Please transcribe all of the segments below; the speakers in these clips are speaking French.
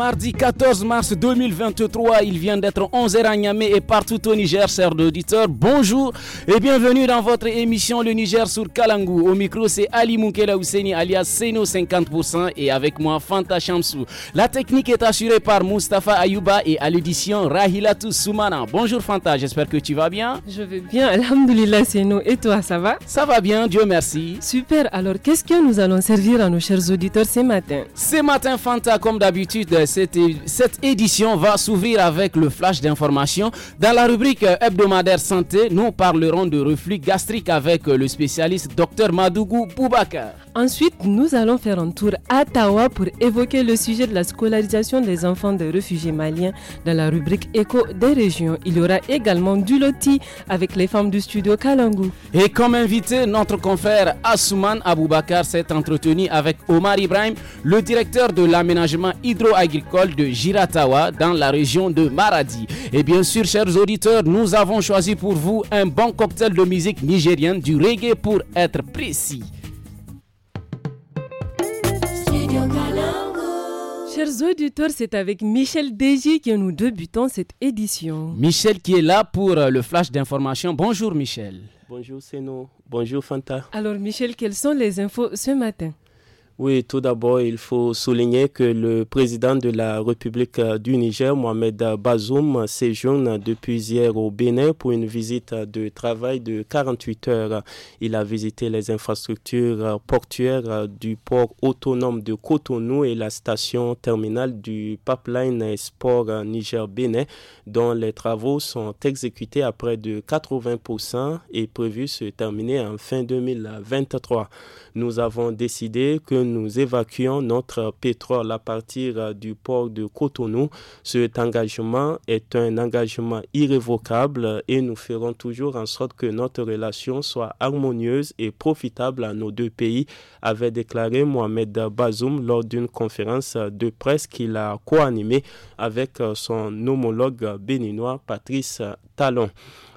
mardi 14 mars 2023. Il vient d'être 11h à Niamey et partout au Niger, chers auditeurs. Bonjour et bienvenue dans votre émission Le Niger sur Kalangou. Au micro, c'est Ali Moukela Ouseni alias Seno 50% et avec moi Fanta Chamsou. La technique est assurée par Mustafa Ayouba et à l'édition Rahilatou Soumana. Bonjour Fanta, j'espère que tu vas bien. Je vais bien, Alhamdulillah Seno. Et toi, ça va Ça va bien, Dieu merci. Super, alors qu'est-ce que nous allons servir à nos chers auditeurs ce matin Ce matin, Fanta, comme d'habitude, cette, édition va s'ouvrir avec le flash d'information. Dans la rubrique euh, hebdomadaire santé, nous parlerons de reflux gastrique avec euh, le spécialiste Dr Madougou Boubacar. Ensuite, nous allons faire un tour à Tawa pour évoquer le sujet de la scolarisation des enfants des réfugiés maliens dans la rubrique éco des régions. Il y aura également du loti avec les femmes du studio Kalangu. Et comme invité, notre confrère Assouman Aboubakar s'est entretenu avec Omar Ibrahim, le directeur de l'aménagement hydro-agricole de Giratawa dans la région de Maradi. Et bien sûr, chers auditeurs, nous avons choisi pour vous un bon cocktail de musique nigérienne, du reggae pour être précis. chers auditeurs, c'est avec Michel Déji que nous débutons cette édition. Michel qui est là pour euh, le flash d'information. Bonjour Michel. Bonjour Ceno, Bonjour Fanta. Alors Michel, quelles sont les infos ce matin oui, tout d'abord, il faut souligner que le président de la République euh, du Niger, Mohamed Bazoum, séjourne depuis hier au Bénin pour une visite de travail de 48 heures. Il a visité les infrastructures euh, portuaires euh, du port autonome de Cotonou et la station terminale du pipeline Sport Niger-Bénin, dont les travaux sont exécutés à près de 80% et prévus se terminer en fin 2023. Nous avons décidé que nous évacuons notre pétrole à partir euh, du port de Cotonou. Cet engagement est un engagement irrévocable et nous ferons toujours en sorte que notre relation soit harmonieuse et profitable à nos deux pays, avait déclaré Mohamed Bazoum lors d'une conférence de presse qu'il a co avec euh, son homologue béninois Patrice Talon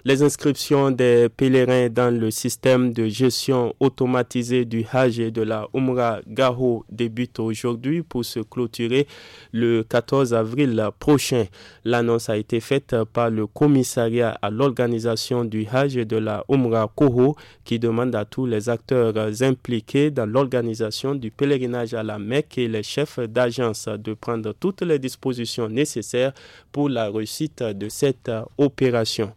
les inscriptions des pèlerins dans le système de gestion automatisé du Hajj et de la Umrah Gaho débutent aujourd'hui pour se clôturer le 14 avril prochain. L'annonce a été faite par le commissariat à l'organisation du Hajj et de la Umrah Koho qui demande à tous les acteurs impliqués dans l'organisation du pèlerinage à la Mecque et les chefs d'agence de prendre toutes les dispositions nécessaires pour la réussite de cette opération.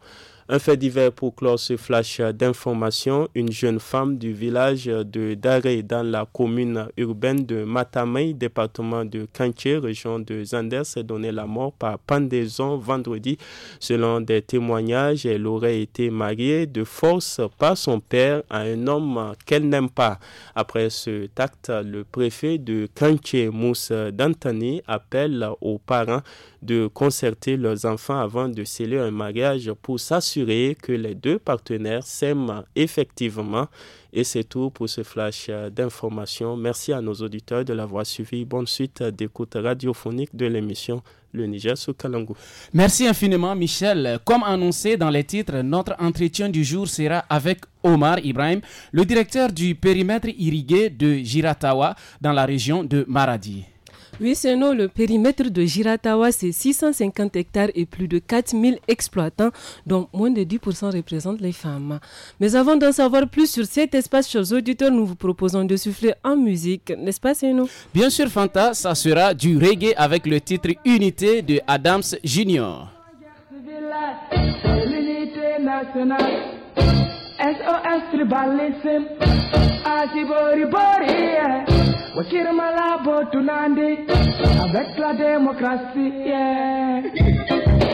Un fait divers pour clore ce flash d'information. Une jeune femme du village de Daré dans la commune urbaine de Matamei, département de Kanché, région de Zander, s'est donnée la mort par pendaison vendredi. Selon des témoignages, elle aurait été mariée de force par son père à un homme qu'elle n'aime pas. Après ce tact, le préfet de Kanché, Moussa Dantani, appelle aux parents de concerter leurs enfants avant de sceller un mariage pour s'assurer que les deux partenaires s'aiment effectivement. Et c'est tout pour ce flash euh, d'information. Merci à nos auditeurs de l'avoir suivi. Bonne suite d'écoute radiophonique de l'émission le Niger sous Kalangu. Merci infiniment, Michel. Comme annoncé dans les titres, notre entretien du jour sera avec Omar Ibrahim, le directeur du périmètre irrigué de Giratawa dans la région de Maradi. Oui, c'est Le périmètre de Giratawa, c'est 650 hectares et plus de 4000 exploitants, dont moins de 10% représentent les femmes. Mais avant d'en savoir plus sur cet espace, chers auditeurs, nous vous proposons de souffler en musique, n'est-ce pas, nous Bien sûr, Fanta, ça sera du reggae avec le titre Unité de Adams Junior. SOS tribalism asibori-bori yeah. wakiri malabo tunandi avec la democracy. yeah.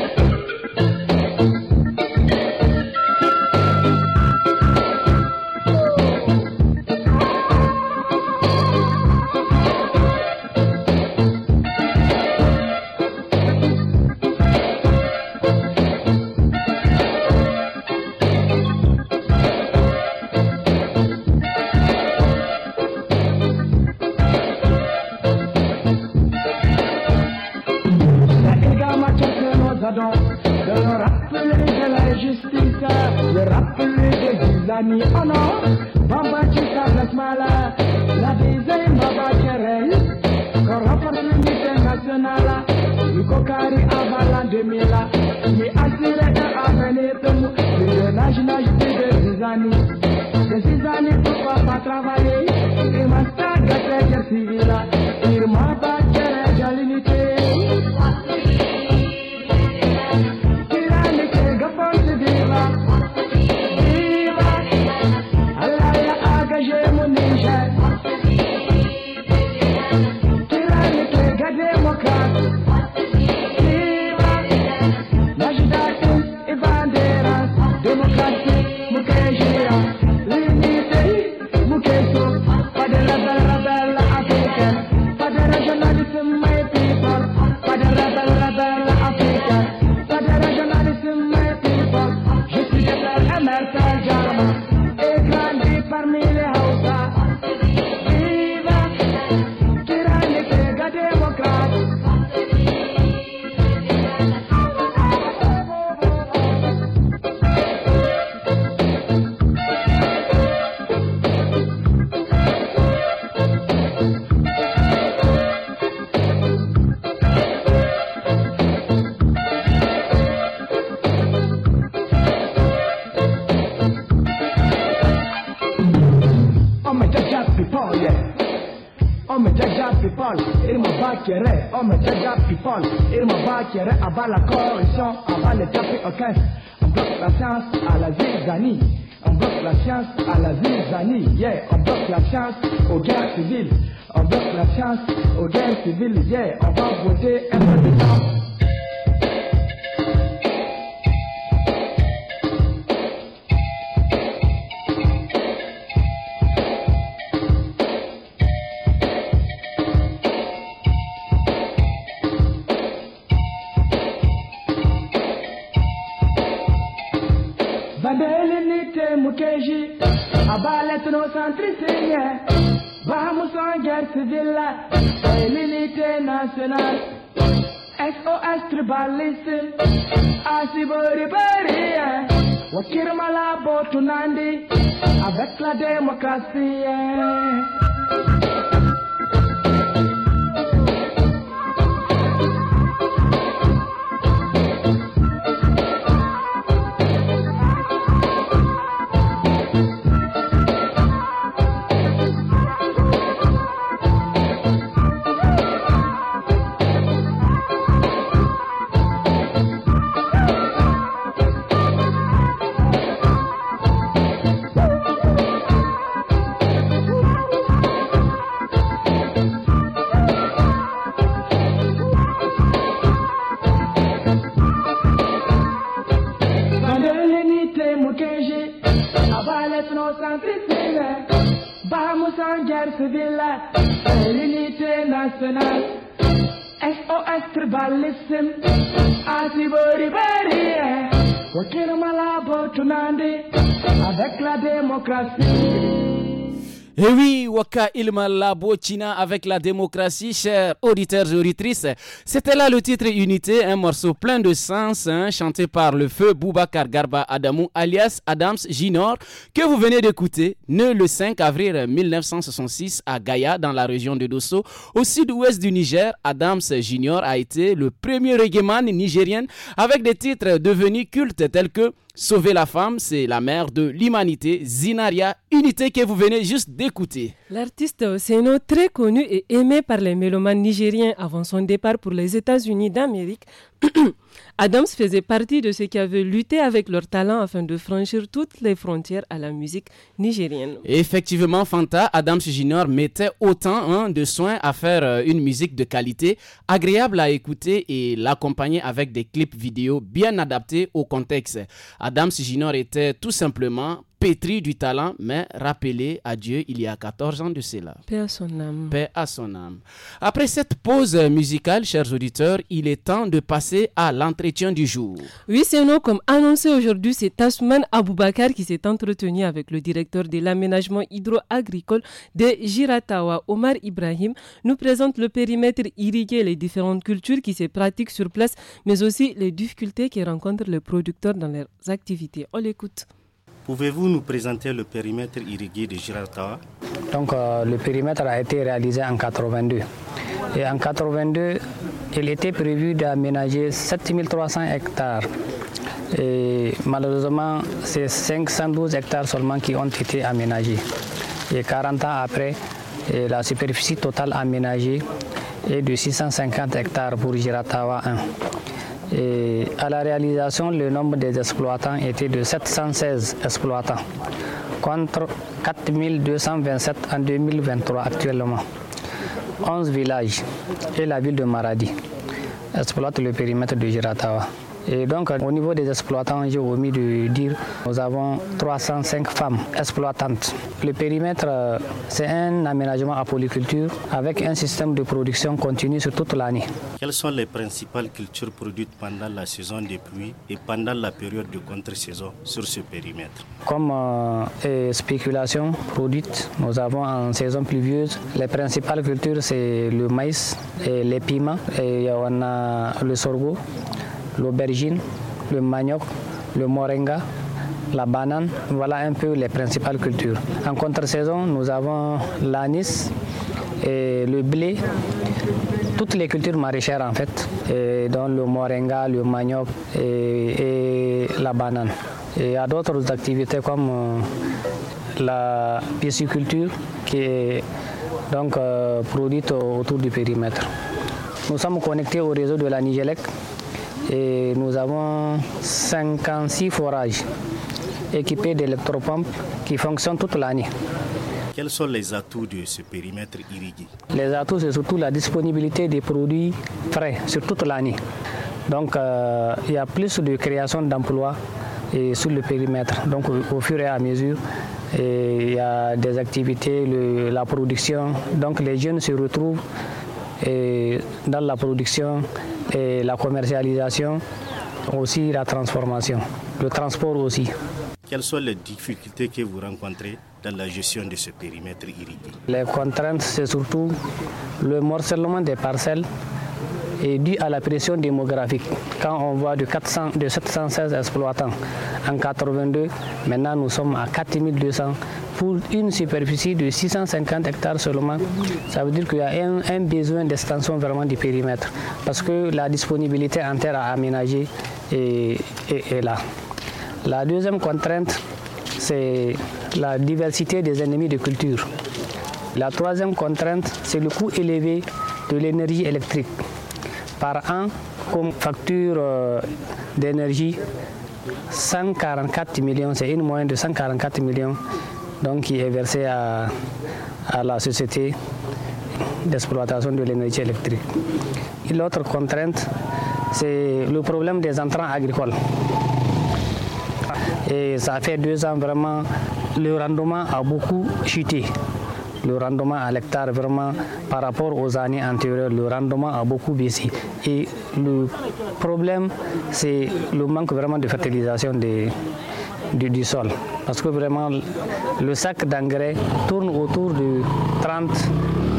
on get civila, national, SOS tribalism, Asibori Baria, Wakirmala Botunandi, avec la démocratie. il avec la démocratie, chers auditeurs et auditrices. C'était là le titre Unité, un morceau plein de sens, hein, chanté par le feu Boubacar Garba Adamou, alias Adams Ginor, que vous venez d'écouter, né le 5 avril 1966 à Gaïa, dans la région de Dosso, au sud-ouest du Niger. Adams Junior a été le premier reggaeman nigérien avec des titres devenus cultes tels que Sauver la femme, c'est la mère de l'humanité, Zinaria, unité que vous venez juste d'écouter. L'artiste Oseno, très connu et aimé par les mélomanes nigériens avant son départ pour les États-Unis d'Amérique, Adams faisait partie de ceux qui avaient lutté avec leur talent afin de franchir toutes les frontières à la musique nigérienne. Effectivement, Fanta, Adams Junior mettait autant hein, de soins à faire euh, une musique de qualité, agréable à écouter et l'accompagner avec des clips vidéo bien adaptés au contexte. Adams Junior était tout simplement pétri du talent, mais rappelé à Dieu il y a 14 ans de cela. Paix à son âme. Paix à son âme. Après cette pause musicale, chers auditeurs, il est temps de passer à l'entretien du jour. Oui, c'est nous, comme annoncé aujourd'hui, c'est Tasman Aboubakar qui s'est entretenu avec le directeur de l'aménagement hydro-agricole de Giratawa, Omar Ibrahim, nous présente le périmètre irrigué, les différentes cultures qui se pratiquent sur place, mais aussi les difficultés que rencontrent les producteurs dans leurs activités. On l'écoute. Pouvez-vous nous présenter le périmètre irrigué de Giratawa Donc euh, le périmètre a été réalisé en 82. Et en 82, il était prévu d'aménager 7300 hectares. Et malheureusement, c'est 512 hectares seulement qui ont été aménagés. Et 40 ans après, la superficie totale aménagée est de 650 hectares pour Giratawa 1. Et à la réalisation, le nombre des exploitants était de 716 exploitants, contre 4227 en 2023 actuellement. 11 villages et la ville de Maradi exploitent le périmètre de Giratawa. Et donc, au niveau des exploitants, j'ai omis de dire, nous avons 305 femmes exploitantes. Le périmètre, euh, c'est un aménagement à polyculture avec un système de production continu sur toute l'année. Quelles sont les principales cultures produites pendant la saison des pluies et pendant la période de contre-saison sur ce périmètre Comme euh, spéculation produite, nous avons en saison pluvieuse, les principales cultures, c'est le maïs, et les piments, et on a le sorgho, l'aubergine, le manioc, le moringa, la banane. Voilà un peu les principales cultures. En contre-saison, nous avons l'anis et le blé. Toutes les cultures maraîchères en fait, dont le moringa, le manioc et, la banane. Et à d'autres activités comme euh, la pisciculture qui est donc euh, produite autour du périmètre. Nous sommes connectés au réseau de la Nigelec et nous avons 56 forages équipés d'électropompes qui fonctionnent toute l'année. Quels sont les atouts de ce périmètre irrigué Les atouts, c'est surtout la disponibilité des produits frais sur toute l'année. Donc, euh, il y a plus de création d'emplois sur le périmètre. Donc, au, fur et à mesure, il y a des activités, la production. Donc, les jeunes se retrouvent eh, dans la production et eh, la commercialisation, aussi la transformation, le transport aussi. Quelles sont les difficultés que vous rencontrez dans la gestion de ce périmètre irrigué Les contraintes, c'est surtout le morcellement des parcelles est dû à la pression démographique. Quand on voit de, 716 exploitants en 82, maintenant nous sommes à 4200 pour une superficie de 650 hectares seulement. Ça veut dire qu'il y a un, besoin d'extension vraiment du périmètre parce que la disponibilité en terre à aménager est là. La deuxième contrainte, c'est la diversité des ennemis de culture. La troisième contrainte, c'est le coût élevé de l'énergie électrique par an comme facture euh, d'énergie 144 millions, c'est une moyenne de 144 millions donc qui est versée à, à la société d'exploitation de l'énergie électrique. L'autre contrainte, c'est le problème des entrants agricoles. Et ça fait deux ans vraiment, le rendement a beaucoup chuté le rendement à l'hectare, vraiment, par rapport aux années antérieures, le rendement a beaucoup baissé. Et le problème, c'est le manque vraiment de fertilisation des, du, sol. Parce que vraiment, le sac d'engrais tourne autour de 30,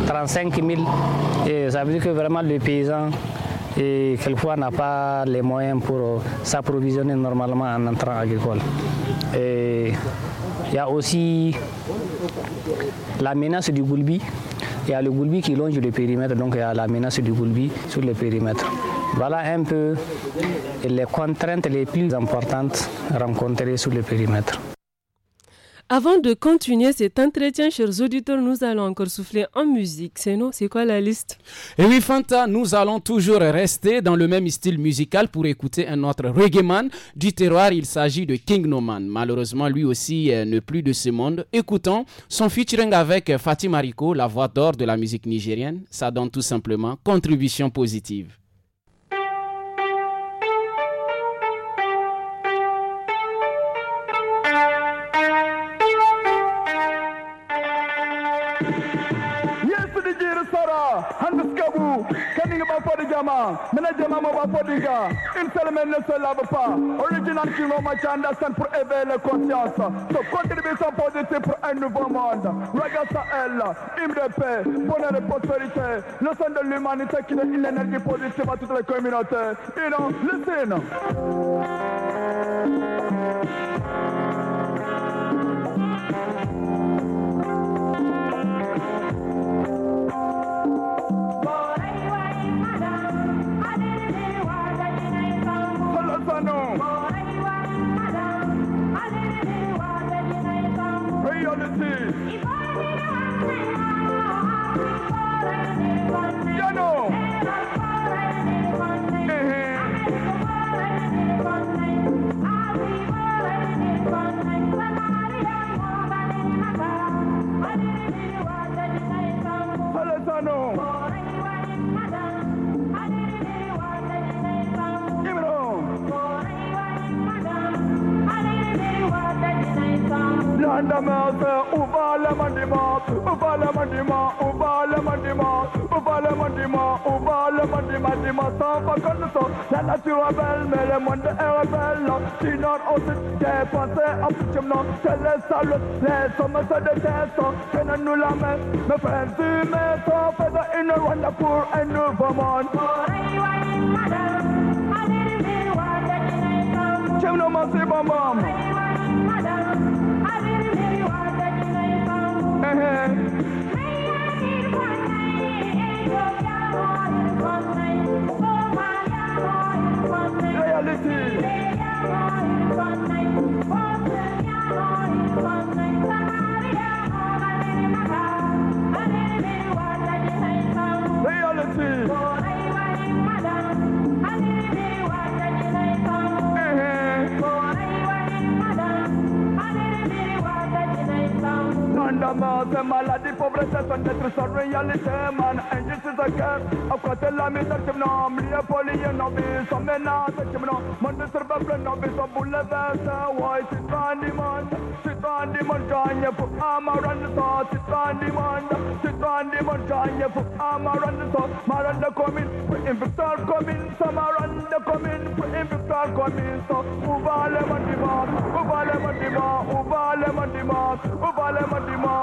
35 000. Et ça veut dire que vraiment, les paysans, quelquefois n'a pas les moyens pour euh, s'approvisionner normalement en entrant agricole. Et il y a aussi la menace du goulbi, il y a le goulbi qui longe le périmètre, donc il y a la menace du goulbi sur le périmètre. Voilà un peu les contraintes les plus importantes rencontrées sur le périmètre. Avant de continuer cet entretien, chers auditeurs, nous allons encore souffler en musique. C'est nous, c'est quoi la liste Eh oui, Fanta, nous allons toujours rester dans le même style musical pour écouter un autre reggae du terroir. Il s'agit de King Noman. Malheureusement, lui aussi euh, ne plus de ce monde. Écoutons son featuring avec euh, Fatima Rico, la voix d'or de la musique nigérienne. Ça donne tout simplement contribution positive. jama jama podiga original so contribution positive pour un nouveau monde regarde ça elle bonheur et prospérité le son de l'humanité qui donne une énergie positive à toutes les communautés you know listen and a mouth, Uvala Mandima, Uvala Mandima, Uvala Mandima, Uvala Mandima, Uvala Mandima, Dima, Sapa Conduso, Lana Tirabel, Melemon, Arabella, she not also step on the Optimum, Telesal, Lesson, the Tesson, Kenanulame, the Fancy Metal, Feather in a wonderful and new Vermont. Chimno Masi Bambam. Loyalty. Demás, maladie, pauvreté sont des tristes man. Injustice à cœur, à côté la misère qui m'en Mille poliers n'en vis, sont menaces qui m'en Mon de plein n'en vis, sont bouleversé, ouais. C'est un dimanche, c'est un dimanche, gagne pour amaran de sang. C'est un dimanche, c'est un dimanche, gagne pour amaran de sang. Maran de commune, pour invictor commune, so maran de commune, pour invictor commune, so. Ouvale mon dimanche, ouvale mon dimanche, ouvale mon dimanche, ouvale mon dimanche.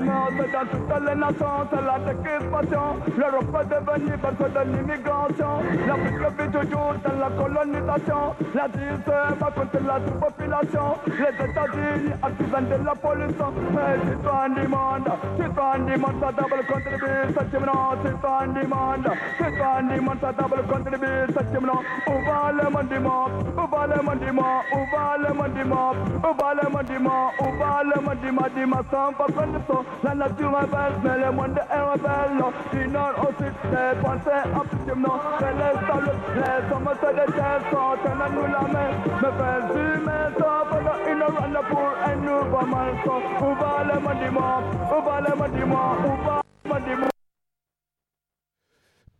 c'est dans toutes les nations, c'est la décrispation. L'Europe est devenue de l'immigration. L'Afrique vit toujours dans la colonisation. La se va contre la population Les États-Unis, de la pollution. Mais citoyens du monde, citoyens du monde, ça double contribue, Les Citoyens du monde, citoyens du monde, ça double contribue, Où va le mandiment Où va le monde, Où va le monde, Où va le mandiment Où va le mandiment sans La up to my best, smell him when the air bello. She not all sit there, one set up to him now. Well, let's start with less, I'm a set of test, so turn and will I make. My friends, we mess up, but not in a a new woman.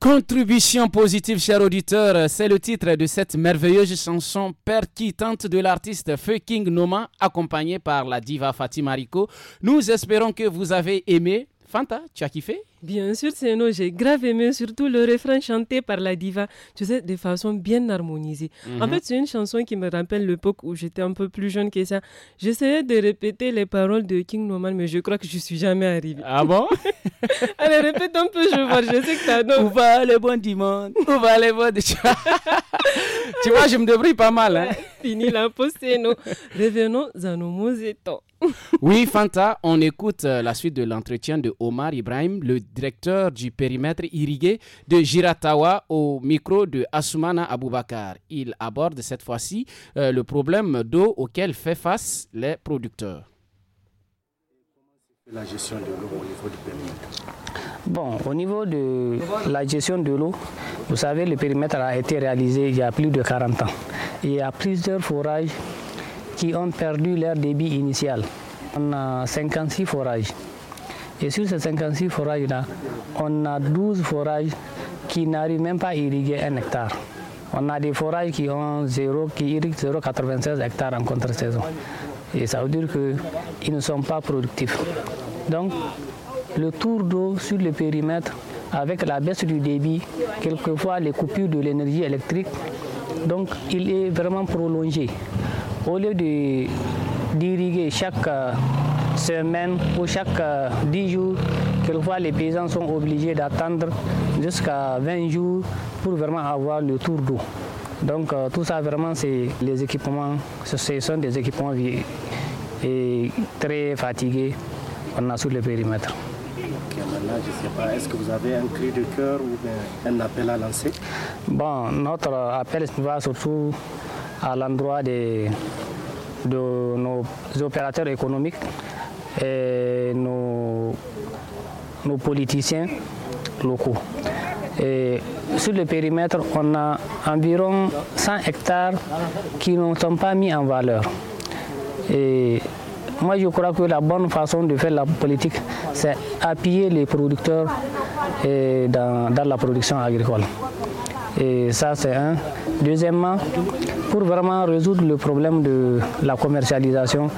Contribution positive, cher auditeur, c'est le titre de cette merveilleuse chanson percutante de l'artiste Feu King Noma, accompagnée par la diva Fatima Rico. Nous espérons que vous avez aimé. Fanta, tu as kiffé Bien sûr, c'est J'ai grave aimé, surtout le refrain chanté par la diva, tu sais, de façon bien harmonisée. En mhm. fait, c'est une chanson qui me rappelle l'époque où j'étais un peu plus jeune que ça. J'essayais de répéter les paroles de King Norman, mais je crois que je suis jamais arrivée. Ah bon Allez, répète un peu, je vois. Je sais que t'as... as. Où va le bon dimanche Où va le bon Tu vois, je me débrouille pas mal. Hein. Fini la pause, nous. Revenons à nos mots et oui, Fanta, on écoute euh, la suite de l'entretien de Omar Ibrahim, le directeur du périmètre irrigué de Giratawa, au micro de Asumana Aboubakar. Il aborde cette fois-ci euh, le problème d'eau auquel fait face les producteurs. La gestion de l'eau au niveau du périmètre. Bon, au niveau de la gestion de l'eau, vous savez, le périmètre a été réalisé il y a plus de 40 ans. Il y a plusieurs forages qui ont perdu leur débit initial. On a 56 forages. Et sur ces 56 forages-là, on a 12 forages qui n'arrivent même pas à irriguer un hectare. On a des forages qui ont 0, qui irriguent 0,96 hectares en contre-saison. Et ça veut dire qu'ils ne sont pas productifs. Donc, le tour d'eau sur le périmètre, avec la baisse du débit, quelquefois les coupures de l'énergie électrique, donc il est vraiment prolongé au lieu de d'irriguer chaque euh, semaine ou chaque 10 euh, jours, quelquefois les paysans sont obligés d'attendre jusqu'à 20 jours pour vraiment avoir le tour d'eau. Donc euh, tout ça vraiment c'est les équipements, ce sont des équipements vieux et très fatigués qu'on a sur le périmètre. maintenant, je sais est-ce que vous avez un cri de cœur ou un appel à lancer Bon, notre appel va surtout à l'endroit de, nos opérateurs économiques et nos, politiciens locaux. Et sur le périmètre, on a environ 100 hectares qui ne sont pas mis en valeur. Et moi, je crois que la bonne façon de faire la politique, c'est appuyer les producteurs dans, dans la production agricole. Et ça, c'est un. Deuxièmement, pour vraiment résoudre le problème de la commercialisation,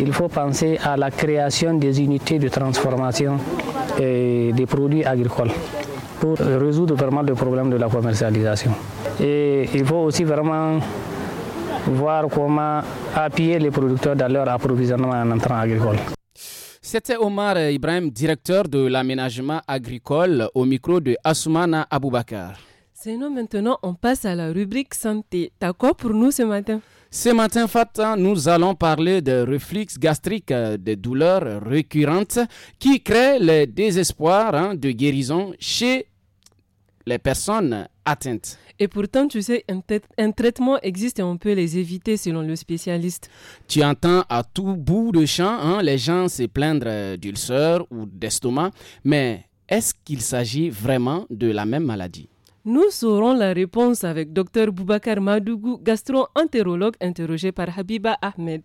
il faut penser à la création des unités de transformation et des produits agricoles pour résoudre vraiment le problème de la commercialisation. Et il faut aussi vraiment voir comment appuyer les producteurs dans leur approvisionnement en entrant agricole. C'était Omar Ibrahim, directeur de l'aménagement agricole, au micro de Assoumana Aboubakar. Sinon, maintenant, on passe à la rubrique santé. T'as quoi pour nous ce matin ce matin, Fat, nous allons parler de reflux gastriques, euh, des douleurs récurrentes qui créent le désespoir hein, de guérison chez les personnes atteintes. Et pourtant, tu sais, un, traitement existe et on peut les éviter selon le spécialiste. Tu entends à tout bout de champ hein, les gens se plaindre euh, d'ulcères ou d'estomac, mais est-ce qu'il s'agit vraiment de la même maladie nous saurons la réponse avec Dr Boubacar Madougou, gastro-entérologue interrogé par Habiba Ahmed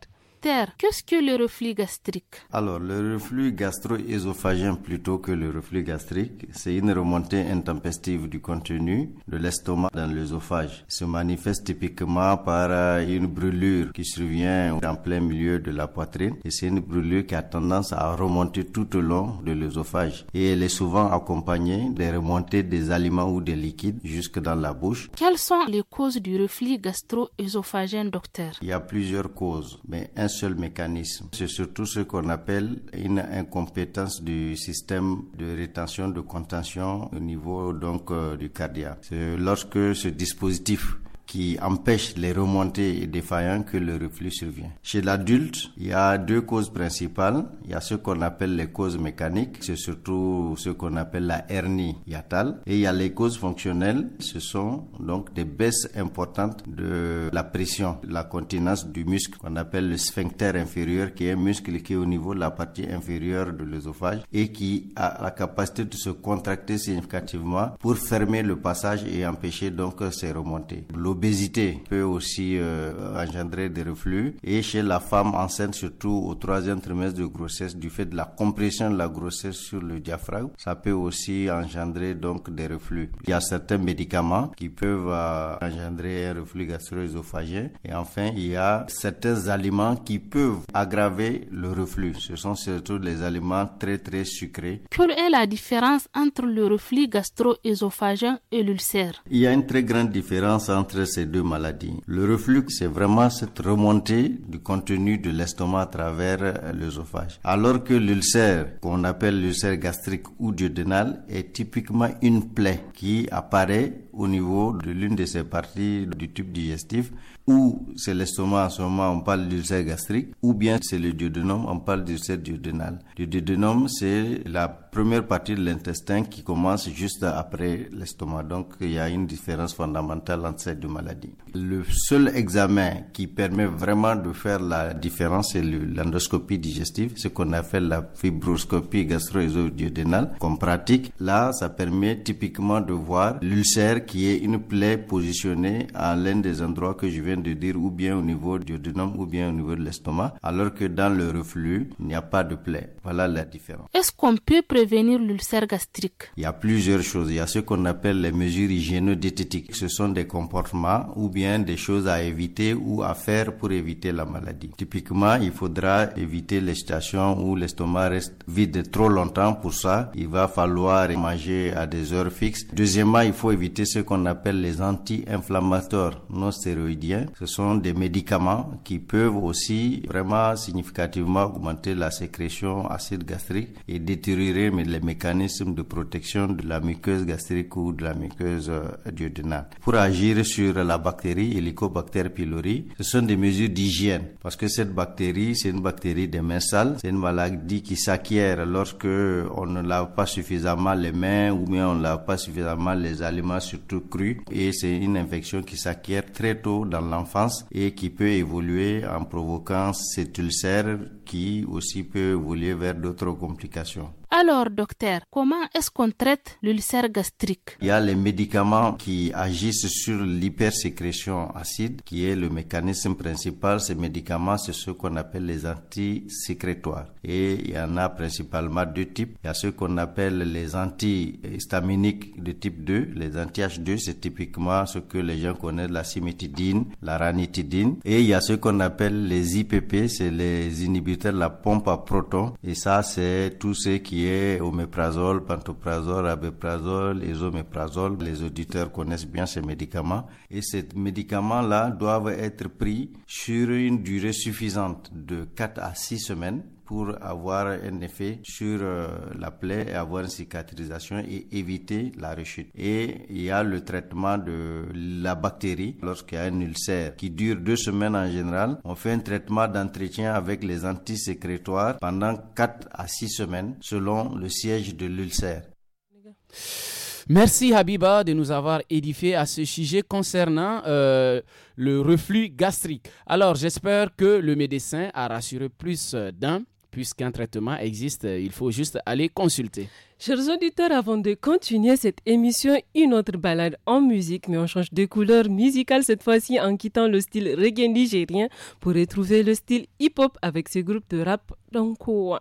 qu'est-ce que le reflux gastrique Alors, le reflux gastro ésophagien plutôt que le reflux gastrique, c'est une remontée intempestive du contenu de l'estomac dans l'œsophage. Se manifeste typiquement par euh, une brûlure qui survient en plein milieu de la poitrine et c'est une brûlure qui a tendance à remonter tout au long de l'œsophage et elle est souvent accompagnée des remontées des aliments ou des liquides jusque dans la bouche. Quelles sont les causes du reflux gastro ésophagien docteur Il y a plusieurs causes, mais seul mécanisme. C'est surtout ce qu'on appelle une incompétence du système de rétention de contention au niveau donc euh, du cardiaque. lorsque ce dispositif qui empêche les remontées et que le reflux survient. Chez l'adulte, il y a deux causes principales. Il y a ce qu'on appelle les causes mécaniques, c'est surtout ce qu'on appelle la hernie hiatale, et il y a les causes fonctionnelles, ce sont donc des baisses importantes de la pression, la continence du muscle qu'on appelle le sphincter inférieur, qui est un muscle qui est au niveau de la partie inférieure de l'œsophage et qui a la capacité de se contracter significativement pour fermer le passage et empêcher donc ces remontées. L'obésité peut aussi euh, engendrer des reflux. Et chez la femme enceinte, surtout au troisième trimestre de grossesse, du fait de la compression de la grossesse sur le diaphragme, ça peut aussi engendrer donc des reflux. Il y a certains médicaments qui peuvent euh, engendrer un reflux gastro-œsophagien. Et enfin, il y a certains aliments qui peuvent aggraver le reflux. Ce sont surtout les aliments très très sucrés. Quelle est la différence entre le reflux gastro-œsophagien et l'ulcère Il y a une très grande différence entre ces deux maladies. Le reflux, c'est vraiment cette remontée du contenu de l'estomac à travers euh, l'œsophage. Alors que l'ulcère, qu'on appelle l'ulcère gastrique ou duodénal, est typiquement une plaie qui apparaît au niveau de l'une de ces parties du tube digestif ou c'est l'estomac en ce moment, on parle d'ulcère gastrique, ou bien c'est le duodénum, on parle d'ulcère duodénal. Le duodénum, c'est la première partie de l'intestin qui commence juste après l'estomac. Donc, il y a une différence fondamentale entre ces deux maladies. Le seul examen qui permet vraiment de faire la différence, c'est l'endoscopie digestive, ce qu'on appelle la fibroscopie gastro isodiodénale, qu'on pratique. Là, ça permet typiquement de voir l'ulcère qui est une plaie positionnée à l'un des endroits que je vais de dire, ou bien au niveau du duodenum, ou bien au niveau de l'estomac, alors que dans le reflux, il n'y a pas de plaie. Voilà la différence. Est-ce qu'on peut prévenir l'ulcère gastrique Il y a plusieurs choses. Il y a ce qu'on appelle les mesures hygiéno-diététiques. Ce sont des comportements ou bien des choses à éviter ou à faire pour éviter la maladie. Typiquement, il faudra éviter les stations où l'estomac reste vide trop longtemps. Pour ça, il va falloir manger à des heures fixes. Deuxièmement, il faut éviter ce qu'on appelle les anti-inflammatoires non stéroïdiens ce sont des médicaments qui peuvent aussi vraiment significativement augmenter la sécrétion acide gastrique et détériorer les mécanismes de protection de la muqueuse gastrique ou de la muqueuse euh, duodénale. Pour agir sur la bactérie Helicobacter pylori, ce sont des mesures d'hygiène parce que cette bactérie, c'est une bactérie des mains sales, c'est une maladie qui s'acquiert lorsque on ne lave pas suffisamment les mains ou bien on ne lave pas suffisamment les aliments surtout crus et c'est une infection qui s'acquiert très tôt dans et qui peut évoluer en provoquant cet ulcère qui aussi peut évoluer vers d'autres complications. Alors, docteur, comment est-ce qu'on traite l'ulcère gastrique Il y a les médicaments qui agissent sur l'hypersécrétion acide, qui est le mécanisme principal. Ces médicaments, c'est ce qu'on appelle les antisécrétoires. Et il y en a principalement deux types. Il y a ceux qu'on appelle les anti-histaminiques de type 2. Les anti-H2, c'est typiquement ce que les gens connaissent, la cimétidine, la ranitidine. Et il y a ce qu'on appelle les IPP, c'est les inhibiteurs de la pompe à protons. Et ça, c'est tout ce qui omeprazole, pantoprazole, abeprazole, isoméprazole. Les auditeurs connaissent bien ces médicaments et ces médicaments-là doivent être pris sur une durée suffisante de 4 à 6 semaines pour avoir un effet sur euh, la plaie et avoir une cicatrisation et éviter la rechute. Et il y a le traitement de la bactérie lorsqu'il y a un ulcère qui dure deux semaines en général. On fait un traitement d'entretien avec les antisécrétoires pendant 4 à 6 semaines selon le siège de l'ulcère. Merci Habiba de nous avoir édifié à ce sujet concernant euh, le reflux gastrique. Alors j'espère que le médecin a rassuré plus euh, d'un puisqu'un traitement existe, il faut juste aller consulter. Chers auditeurs, avant de continuer cette émission, une autre balade en musique, mais on change de couleur musicale cette fois-ci en quittant le style reggae nigérien pour retrouver le style hip-hop avec ce groupe de rap Donkowa.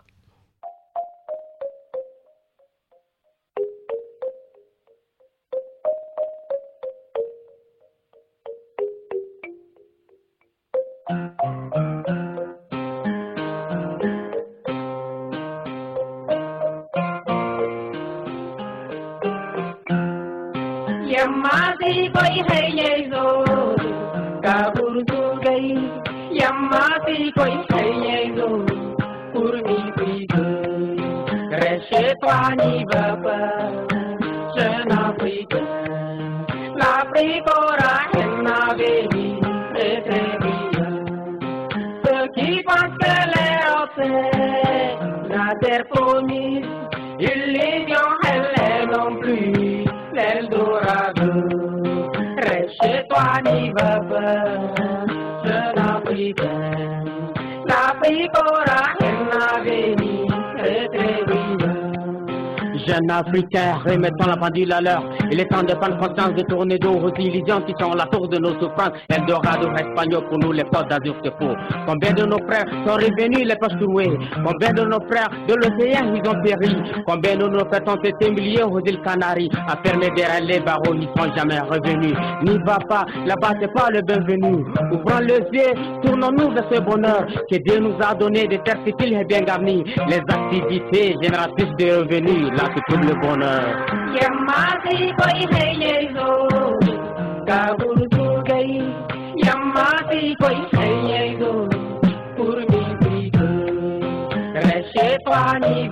yamma sai kwai haye zo ga burzu gai yamma sai kwai haye zo kurmi kuiga rashe kwani baba sana kuiga la pri kora henna bebi ete biya to ki pasle ose na ter pomis bye. jeunes Africain, remettons la pendule à l'heure. Il est temps de prendre conscience, de tourner d'eau aux illusions qui sont la tour de nos souffrances. Eldorado espagnol pour nous, les portes d'azur se Combien de nos frères sont revenus les poches trouées Combien de nos frères de l'océan ils ont péri Combien de nos frères ont été milliers aux îles Canaries fermer derrière les barreaux, n'y sont jamais revenus. N'y va pas, là-bas c'est pas le bienvenu. Ouvrons les yeux, tournons-nous vers ce bonheur que Dieu nous a donné des terres fertiles et bien garnies. Les activités génératrices de revenus, ma hay kulle bona yamma sai koi ma zo ka hay gai yamma sai koi haye zo kurmi bidu rashe pani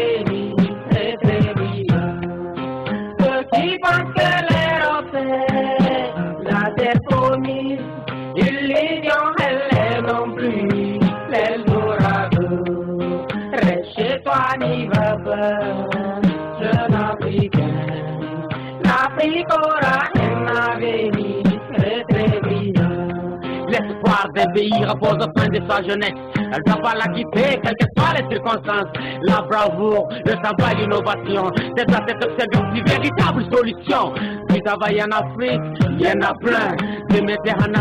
Hey. Les pays repose au sein de sa jeunesse. Elle ne doit pas la guider, quelles que soient les circonstances. La bravoure, le savoir l'innovation, c'est à cette obsession une véritable solution. Tu travailles en Afrique, il y en a plein. Tu Du Méditerranée,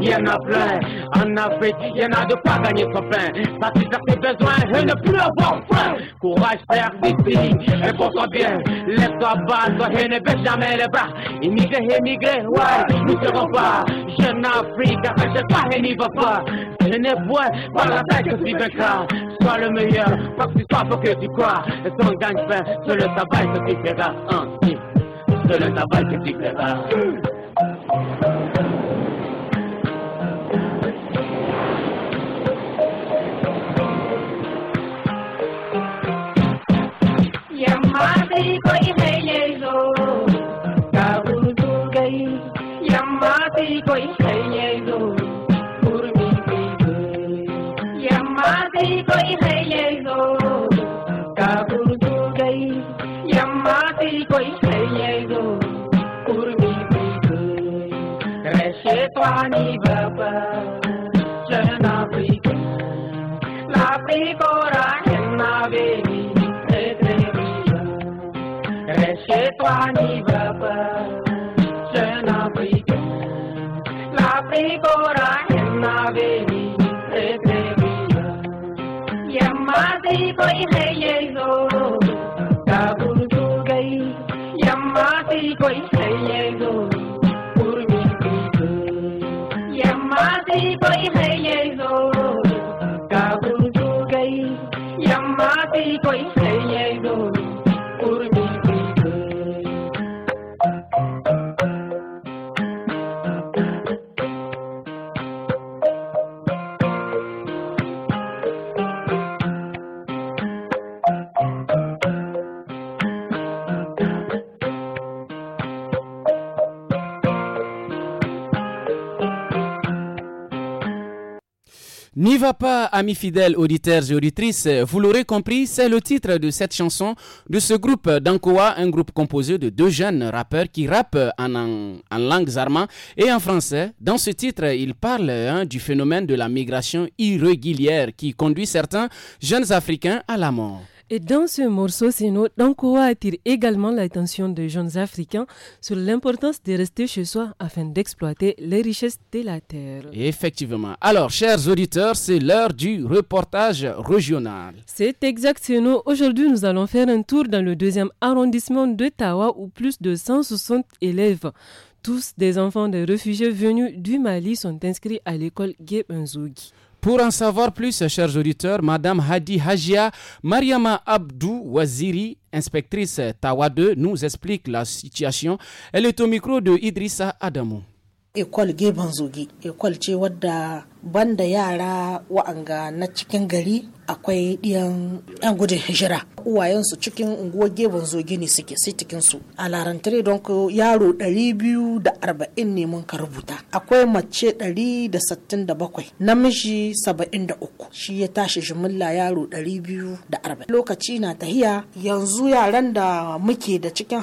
il y en a plein. En Afrique, il y en a de pas gagner son pain. as tes besoins et ne plus avoir faim. Courage, faire d'ici, et pour toi bien. laisse toi bas, et ne baisse jamais les bras. Immigré, émigré, ouais, nous serons pas. Jeune Afrique, pas mais n'y va pas. Je ne vois pas la tête que tu vaincras. Sois le meilleur, quoi que tu sois, faut que tu crois. Et ton gagne fin, c'est le travail que tu feras. c'est le travail que tu verras. Yeah, my baby, यम्मा तेरी कोई है ये लो काबू हो गई यम्मा तेरी कोई है ये लो कुर्मी बिगो रशे पानी बाबा चना बिगो लापे कोरा हन्ना बेरी रशे पानी boy hey hey no kabul tu gai yamma ti boy hey hey no urmi ti yamma ti boy hey hey N'y va pas, amis fidèles auditeurs et auditrices. Vous l'aurez compris, c'est le titre de cette chanson de ce groupe d'Ankoa, un groupe composé de deux jeunes rappeurs qui rappent en, en, langue et en français. Dans ce titre, ils parlent hein, du phénomène de la migration irrégulière qui conduit certains jeunes Africains à la mort. Et dans ce morceau, Sino Dankowa attire également l'attention des jeunes Africains sur l'importance de rester chez soi afin d'exploiter les richesses de la terre. Effectivement. Alors, chers auditeurs, c'est l'heure du reportage régional. C'est exact, Sino. Aujourd'hui, nous allons faire un tour dans le deuxième arrondissement de Tawa où plus de 160 élèves tous des enfants des réfugiés venus du Mali sont inscrits à l'école Guébenzougui. Pour en savoir plus, chers auditeurs, Madame Hadi Hajia Mariama Abdou Waziri, inspectrice Tawa 2, nous explique la situation. Elle est au micro de Idrissa Adamou. ekwal gefen zogi ekwal ce wadda banda yara wa'anga na cikin gari akwai ɗiyan 'yan gudun hijira uwayensu cikin unguwar gefen zogi ne suke sai su. a larantare don yaro 240 ne mun ka rubuta akwai mace 167 namiji 73 shi ya tashi jimilla yaro 240 lokaci na tahiya yanzu yaran da muke da cikin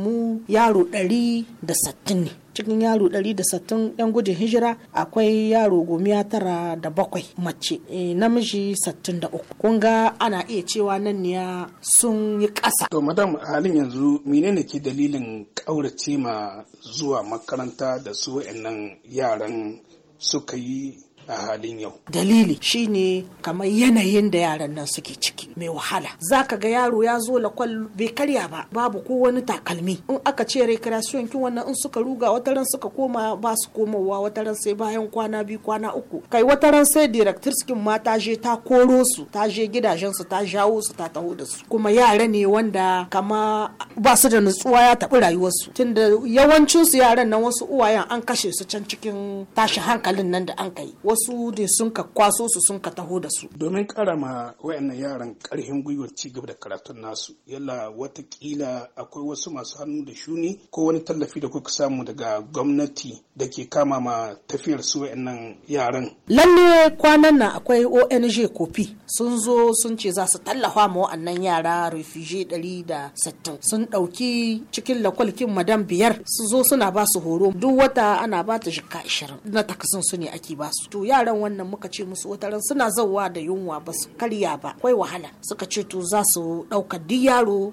mu yaro 160 ne cikin yaro 160 'yan gudun hijira akwai yaro gomiya tara da bakwai mace e, namiji 63 kun ga ana iya cewa nan ne sun yi ƙasa. to madam halin yanzu menene ke dalilin ƙaurace ma zuwa makaranta da su nan yaran suka yi a halin yau dalili shi ne kamar yanayin da yaran nan suke ciki mai wahala Za ka ga yaro ya zo lakwal bai karya ba babu ko wani takalmi in aka ce recreation kin wannan in suka ruga wata ran suka koma ba su komowa wata ran sai bayan kwana biyu kwana uku kai wata ran sai directors skin ma ta je ta koro su ta je gidajen su ta jawo su ta taho da su kuma yara ne wanda kama ba su da nutsuwa ya taɓi rayuwarsu tunda yawancinsu yaran nan wasu uwayen an kashe su can cikin tashi hankalin nan da an kai wasu wasu da sun ka kwaso su sun ka taho da su. Domin karama wayannan yaran karhin gwiwar ci gaba da karatun nasu yalla watakila akwai wasu masu hannu da shuni ko wani tallafi da kuka samu daga gwamnati da ke kama ma tafiyar su wayannan yaran. Lalle kwanan nan akwai ONG kofi sun zo sun ce za su tallafa ma wayannan yara refugee ɗari da sittin sun ɗauki cikin lakwalkin madam biyar su zo suna ba su horo duk wata ana ba ta jikka ashirin na takasin su ne ake ba su. To yaran wannan muka ce musu wata ran suna zauwa da yunwa ba su karya ba akwai wahala suka ce to za su ɗauka di yaro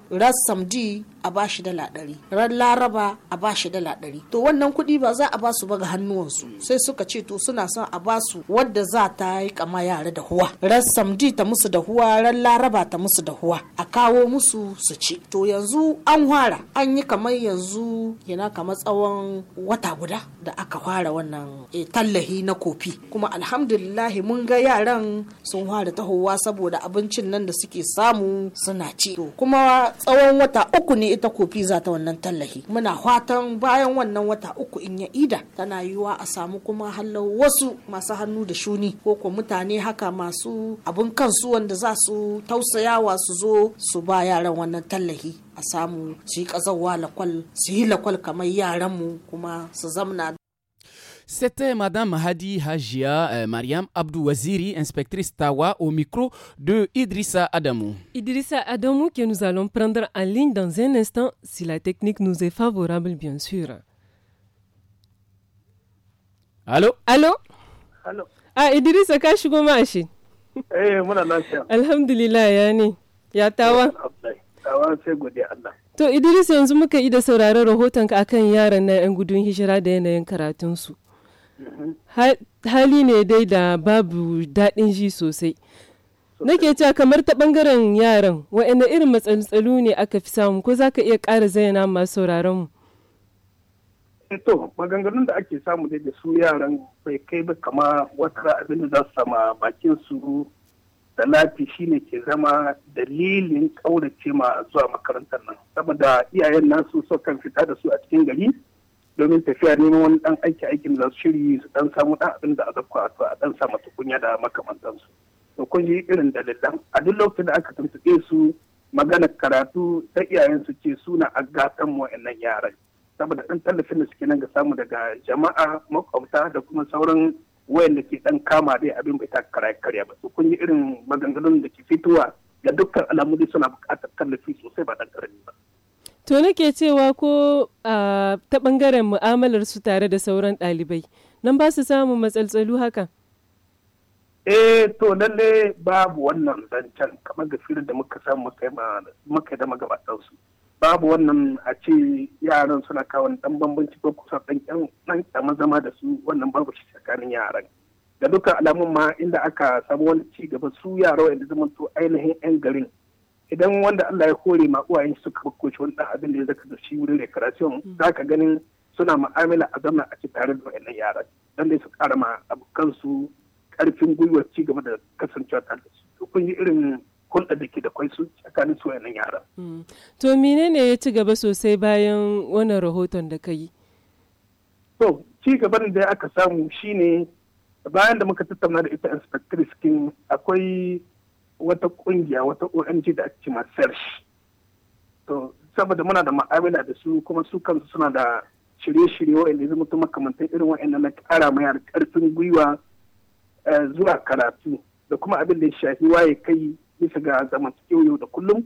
di a ba shi dala ɗari ran laraba a ba shi dala ɗari to wannan kuɗi ba za a ba su ba ga hannuwansu sai suka ce to suna son a ba su wadda za ta yi kama yara da huwa ran samdi ta musu da huwa ran laraba ta musu da huwa a kawo musu su ce to yanzu an fara an yi kamar yanzu yana kamar tsawon wata guda da aka fara wannan e, tallahi na kofi kuma alhamdulillahi mun ga yaran sun fara tahowa saboda abincin nan da suke samu suna ci to kuma tsawon wata uku ne ita kofi za ta wannan tallafi muna fatan bayan wannan wata uku in ya ida tana yiwuwa a samu kuma hallo wasu masu hannu da shuni ko ko mutane haka masu abun kansu wanda za su tausayawa su zo su ba yaran wannan tallafi a samu su yi lakwal su yi lakwal kamar yaranmu kuma su zamna C'était Madame Hadi Hajia euh, Mariam Abdouaziri, inspectrice Tawa, au micro de Idrissa Adamou. Idrissa Adamou que nous allons prendre en ligne dans un instant, si la technique nous est favorable, bien sûr. Allô Allô Allô Ah, Idrissa ka tu Eh, muna lafiya. Alhamdulillah ya Ya tawa. Eh, tawa c'est gode Allah. To Idris yanzu muka yi da sauraron rahotonka akan yaran nan 'yan gudun hijira da yanayin karatunsu. hali ne dai da babu daɗin ji sosai nake cewa kamar ta ɓangaren yaran waɗanda irin matsaltsalu ne aka fi samu ko za ka iya ƙara zayyana masu sauraron mu eh, to maganganun da ake samu dai da su yaran bai kai ba kama wata abin da za su sama bakin su da lafi shine ke zama dalilin ƙaurace ma zuwa makarantar nan saboda iyayen nasu so fita da su a cikin gari domin tafiya neman wani dan aiki aikin da su shiri su dan samu dan abin da a zakwa a dan sa tukunya kunya da makamantansu to kun ji irin dalilan a duk lokacin da aka tuntuɓe su maganar karatu ta iyayen su ce suna a gatan wa'annan yaran saboda dan tallafin da suke nan ga samu daga jama'a makwabta da kuma sauran da ke dan kama dai abin bai ta karya ba su kun yi irin maganganun da ke fitowa ga dukkan alamu suna buƙatar tallafi sosai ba dan karami ba. To nake cewa ko a ta ɓangaren mu'amalar su tare da sauran ɗalibai, nan ba su samun matsaltsalu haka? Eh to lalle babu wannan zancen kamar ga firin da muka samu muka da ɗansu. Babu wannan a ce yaran suna kawo ɗan bambanci ko kusa ɗan ɗan zama da su wannan babu shi tsakanin yaran. da dukkan alamun ma inda aka samu wani ci gaba su yara wanda zama to ainihin 'yan garin idan wanda Allah ya kore ma uwayen suka bakkoci wani abin da ya zaka da shi wurin recreation mm. za ka ganin suna mu'amala a zama a ci tare da wayannan yaran dan dai su kara ma abokansu karfin gwiwar ci gaba da kasancewa tare da su kun yi irin hulɗa da ke da kwai su tsakanin su wayannan yaran. Mm. to menene ya ci gaba sosai bayan wannan rahoton da ka yi. to ci gaban da aka samu shine bayan da muka tattauna da ita inspector skin akwai wata kungiya wata ONG da ake cima search To saboda muna da ma'amala da su kuma su kansu suna da shirye-shirye wa'anda zama mutum makamantar irin wa'anda na kara mayar karfin gwiwa eh, zuwa karatu da kuma abin da ya shafi waye kai bisa ga zamantakewa yau da kullum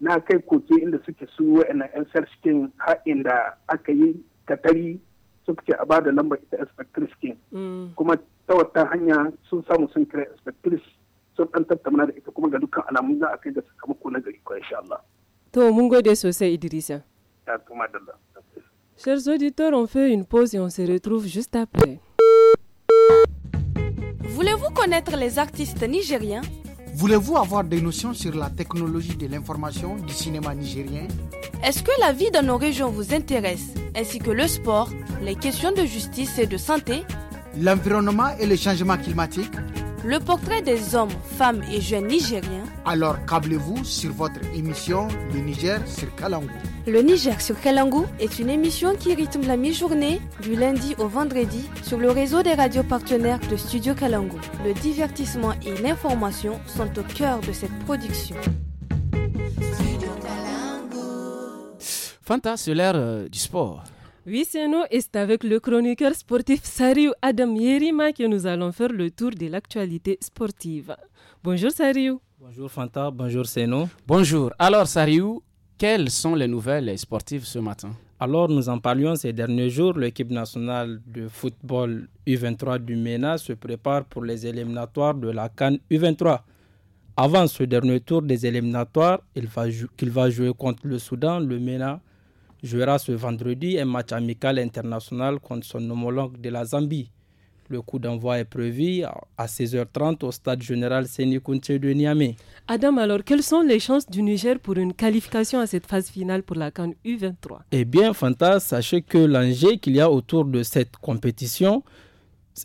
na kai koke inda suke su wa'annan 'yan kin haɗin da aka yi katari suka ce a bada lambar ita inspectors kin mm. kuma ta wata hanya sun samu sun kira inspectors Chers auditeurs, on fait une pause et on se retrouve juste après. Voulez-vous connaître les artistes nigériens Voulez-vous avoir des notions sur la technologie de l'information du cinéma nigérien Est-ce que la vie dans nos régions vous intéresse, ainsi que le sport, les questions de justice et de santé L'environnement et le changement climatique le portrait des hommes, femmes et jeunes nigériens. Alors câblez-vous sur votre émission Le Niger sur Kalangou. Le Niger sur Kalangou est une émission qui rythme la mi-journée du lundi au vendredi sur le réseau des radios partenaires de Studio Kalangou. Le divertissement et l'information sont au cœur de cette production. Fanta, c'est l'ère euh, du sport. Oui, c'est nous et c'est avec le chroniqueur sportif Sariou Adam Yerima que nous allons faire le tour de l'actualité sportive. Bonjour Sariou. Bonjour Fanta, bonjour Seno. Bonjour. Alors Sariou, quelles sont les nouvelles sportives ce matin alors, nous en parlions ces derniers jours. L'équipe nationale de football U23 du MENA se prépare pour les éliminatoires de la Cannes U23. Avant ce dernier tour des éliminatoires, il va, va jouer contre le Soudan, le MENA jouera ce vendredi un match amical international contre son homologue de la Zambie. Le coup d'envoi est prévu à 16h30 au stade général Sénikounte de Niamey. Adam, alors quelles sont les chances du Niger pour une qualification à cette phase finale pour la Cannes U23 Eh bien, Fanta, sachez que l'enjeu qu'il y a autour de cette compétition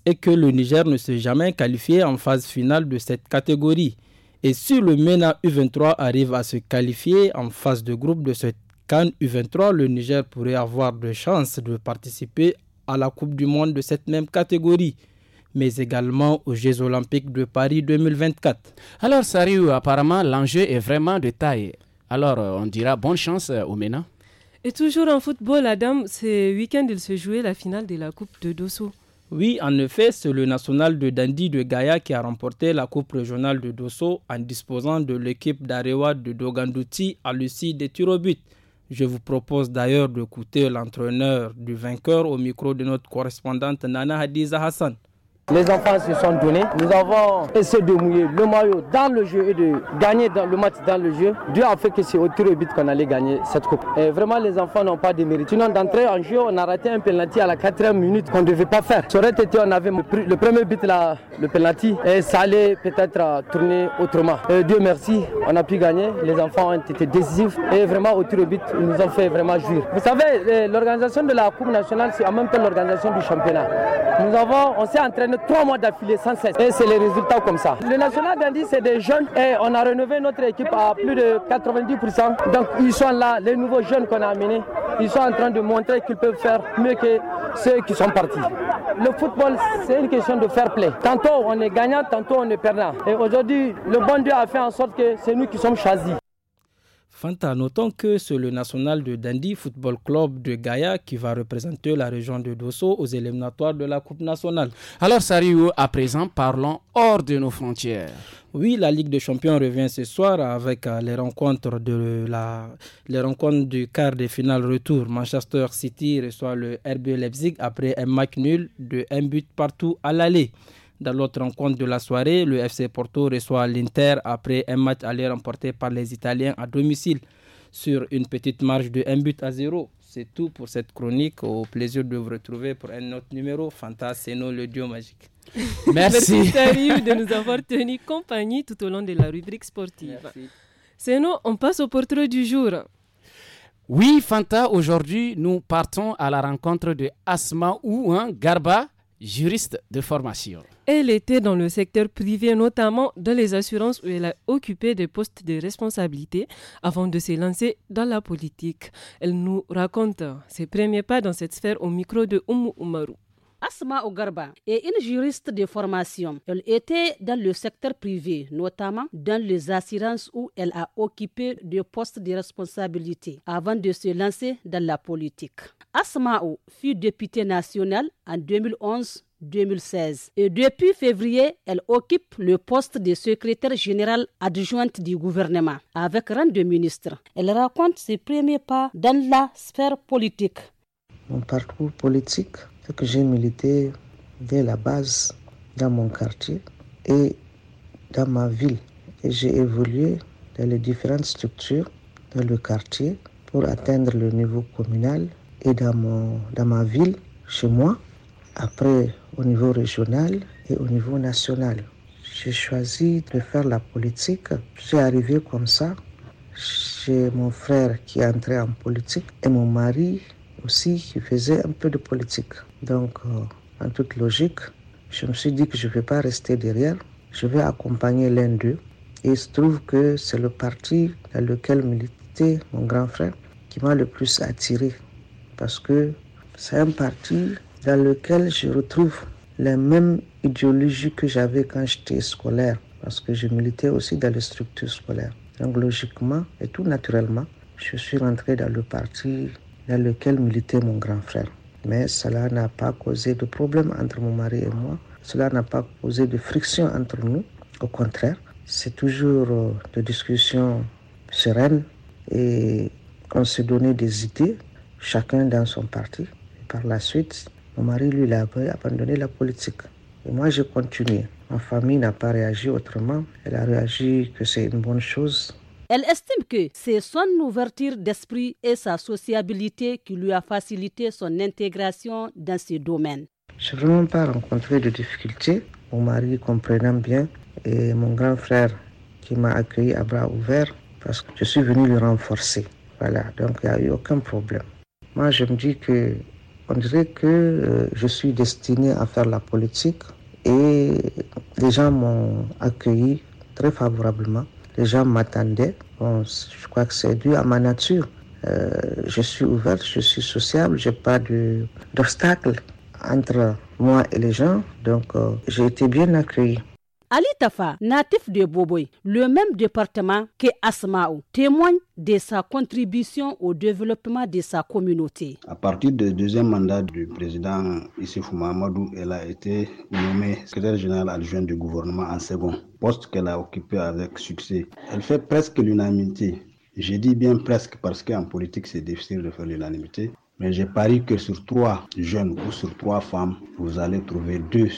est que le Niger ne s'est jamais qualifié en phase finale de cette catégorie. Et si le MENA U23 arrive à se qualifier en phase de groupe de cette Can U23, le Niger pourrait avoir de chances de participer à la Coupe du Monde de cette même catégorie mais également aux Jeux olympiques de Paris 2024. Alors Sariou, apparemment l'enjeu est vraiment de taille. Alors euh, on dira bonne chance euh, au MENA. Et toujours en football, Adam, ce week-end il se jouait la finale de la Coupe de Dosso. Oui, en effet, c'est le national de Dandy de Gaïa qui a remporté la Coupe régionale de Dosso en disposant de l'équipe d'Arewa de Doganduti à Lucie des tirs je vous propose d'ailleurs d'écouter l'entraîneur du vainqueur au micro de notre correspondante Nana Hadiza Hassan. Les enfants se sont donnés. Nous avons essayé de mouiller le maillot dans le jeu et de gagner dans le match dans le jeu. Dieu a fait que c'est au tir au but qu'on allait gagner cette coupe. Et vraiment, les enfants n'ont pas de mérite. Sinon, d'entrée en jeu, on a raté un penalty à la quatrième minute qu'on ne devait pas faire. Ça aurait été, on avait le premier but, le penalty, et ça allait peut-être tourner autrement. Dieu merci, on a pu gagner. Les enfants ont été décisifs et vraiment au tir au but, ils nous ont fait vraiment jouir. Vous savez, l'organisation de la Coupe nationale, c'est en même temps l'organisation du championnat. Nous avons, on s'est entraîné trois mois d'affilée sans cesse. Et c'est les résultats comme ça. Le national d'Andy, c'est des jeunes et on a renouvelé notre équipe à plus de 90%. Donc ils sont là, les nouveaux jeunes qu'on a amenés, ils sont en train de montrer qu'ils peuvent faire mieux que ceux qui sont partis. Le football, c'est une question de fair play. Tantôt on est gagnant, tantôt on est perdant. Et aujourd'hui, le bon Dieu a fait en sorte que c'est nous qui sommes choisis. Fanta, notons que c'est le national de Dundee Football Club de Gaïa qui va représenter la région de Dosso aux éliminatoires de la Coupe nationale. Alors, Sariou, à présent, parlons hors de nos frontières. Oui, la Ligue des Champions revient ce soir avec euh, les rencontres de la les rencontres du quart de finale retour. Manchester City reçoit le RB Leipzig après un match nul de un but partout à l'aller. Dans l'autre rencontre de la soirée, le FC Porto reçoit l'Inter après un match aller remporté par les Italiens à domicile sur une petite marge de 1 but à 0. C'est tout pour cette chronique. Au plaisir de vous retrouver pour un autre numéro. nous le duo magique. Merci. de nous avoir tenu compagnie tout au long de la rubrique sportive. C'est nous. on passe au portrait du jour. Oui, Fanta, aujourd'hui, nous partons à la rencontre de Asma ou hein, Garba, juriste de formation. Elle était dans le secteur privé, notamment dans les assurances où elle a occupé des postes de responsabilité avant de se lancer dans la politique. Elle nous raconte ses premiers pas dans cette sphère au micro de Oumu Oumarou. Asma Ogarba est une juriste de formation. Elle était dans le secteur privé, notamment dans les assurances où elle a occupé des postes de responsabilité avant de se lancer dans la politique. Asma O fut députée nationale en 2011 2016. Et depuis février, elle occupe le poste de secrétaire générale adjointe du gouvernement avec rang de ministre. Elle raconte ses premiers pas dans la sphère politique. Mon parcours politique, c'est que j'ai milité dès la base dans mon quartier et dans ma ville. Et j'ai évolué dans les différentes structures dans le quartier pour atteindre le niveau communal et dans, mon, dans ma ville, chez moi. Après au niveau régional et au niveau national. J'ai choisi de faire la politique. J'ai arrivé comme ça. J'ai mon frère qui est entré en politique et mon mari aussi qui faisait un peu de politique. Donc, euh, en toute logique, je me suis dit que je ne vais pas rester derrière. Je vais accompagner l'un d'eux. Et il se trouve que c'est le parti dans lequel militait mon grand frère qui m'a le plus attiré. Parce que c'est un parti dans lequel je retrouve la même idéologie que j'avais quand j'étais scolaire, parce que je militais aussi dans les structures scolaires. Donc logiquement et tout naturellement, je suis rentré dans le parti dans lequel militait mon grand frère. Mais cela n'a pas causé de problème entre mon mari et moi. Cela n'a pas causé de friction entre nous. Au contraire, c'est toujours euh, de discussions sereines et on s'est donné des idées, chacun dans son parti. par la suite, mon mari, lui, l'a a abandonné la politique. Et moi, j'ai continué. Ma famille n'a pas réagi autrement. Elle a réagi que c'est une bonne chose. Elle estime que c'est son ouverture d'esprit et sa sociabilité qui lui a facilité son intégration dans ce domaine. Je n'ai vraiment pas rencontré de difficultés. Mon mari comprenant bien et mon grand frère qui m'a accueilli à bras ouverts parce que je suis venu le renforcer. Voilà, donc il n'y a eu aucun problème. Moi, je me dis que on dirait que euh, je suis destiné à faire la politique et les gens m'ont accueilli très favorablement. Les gens m'attendaient. je crois que c'est dû à ma nature. Euh, je suis ouverte, je suis sociable, j'ai pas d'obstacle entre moi et les gens. Donc, euh, j'ai été bien accueilli. Ali Tafa, natif de Boboy, le même département que Asmaou, témoigne de sa contribution au développement de sa communauté. À partir du deuxième mandat du président Issoufou Mahamadou, elle a été nommée secrétaire générale adjointe du gouvernement en second, poste qu'elle a occupé avec succès. Elle fait presque l'unanimité. J'ai dit bien presque parce qu'en politique, c'est difficile de faire l'unanimité. Mais j'ai parie que sur trois jeunes ou sur trois femmes, vous allez trouver deux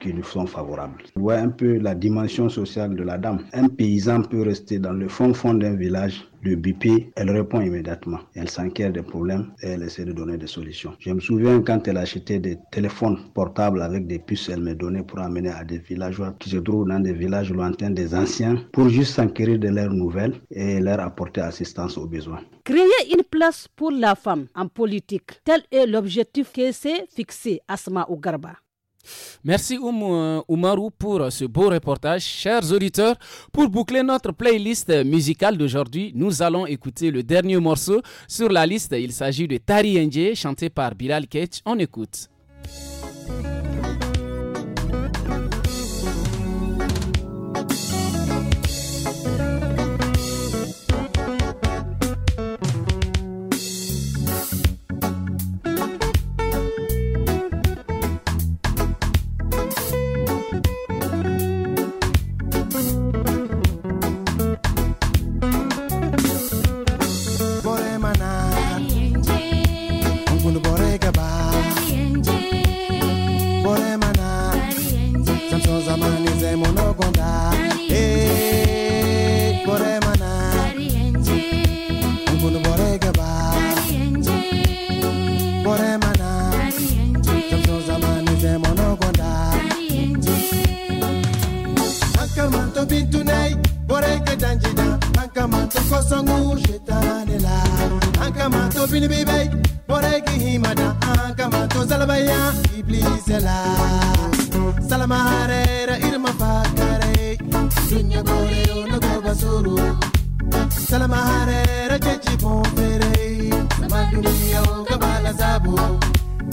qui lui sont favorables. On voit un peu la dimension sociale de la dame. Un paysan peut rester dans le fond fond d'un village le BP, elle répond immédiatement. Elle s'inquiète des problèmes et elle essaie de donner des solutions. Je me souviens quand elle achetait des téléphones portables avec des puces, elle me donnait pour amener à des villageois qui se trouvent dans des villages lointains des anciens pour juste s'enquérir de leurs nouvelles et leur apporter assistance aux besoins. Créer une place pour la femme en politique, tel est l'objectif que s'est fixé Asma Ougarba. Merci euh, Oumarou pour ce beau reportage. Chers auditeurs, pour boucler notre playlist musicale d'aujourd'hui, nous allons écouter le dernier morceau sur la liste. Il s'agit de Tari Nje, chanté par Bilal Ketch. On écoute. mandunia ngabala zabo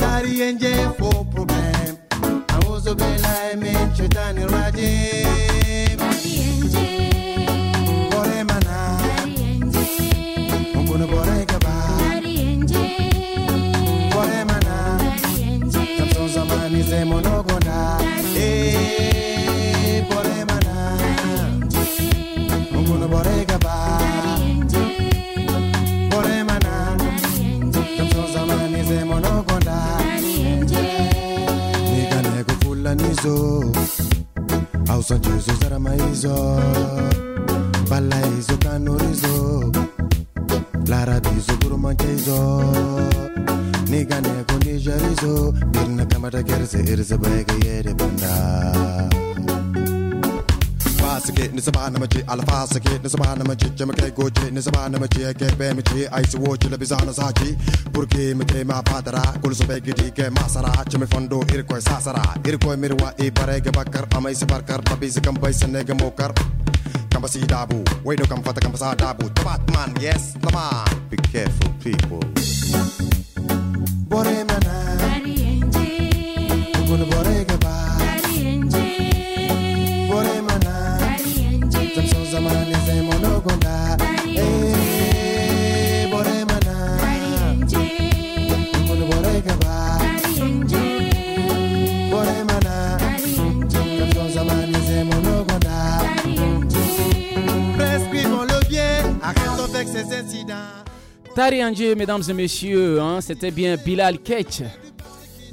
dari enje fo problem awozo bela men chetani raje dari enje enje enje enje zamani paradiso ausa njuzo zara maizo guru kanorizo laradizo gurumantaizo niganeko nijarizo birna kamata gerse irza bayga yere banda sake ni sama na maji alfa sake ni sama na maji jama kai goje ni sama na maji ke be mi ji ai so bizana saji burke mi te ma padara masara chme fondo sasara ir mirwa e bare ge bakar amai se barkar tabi se kam paisa ne ge mokar Kambasi dabu, dabu. Tabat man, yes, tabat. Be careful, people. Tari mesdames et messieurs, hein, c'était bien Bilal Kech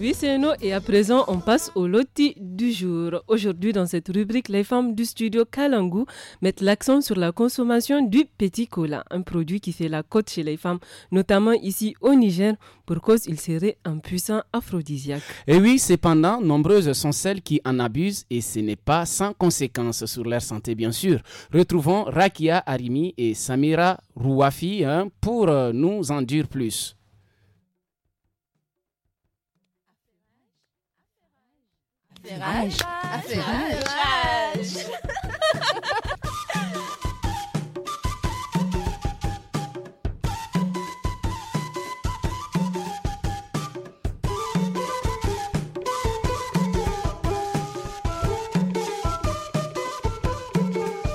oui, c'est nous. Et à présent, on passe au loti du jour. Aujourd'hui, dans cette rubrique, les femmes du studio Kalangu mettent l'accent sur la consommation du petit cola, un produit qui fait la cote chez les femmes, notamment ici au Niger, pour cause il serait un puissant aphrodisiaque. Et eh oui, cependant, nombreuses sont celles qui en abusent et ce n'est pas sans conséquences sur leur santé, bien sûr. Retrouvons Rakia Arimi et Samira Rouafi hein, pour euh, nous en dire plus. Affairage. Affairage.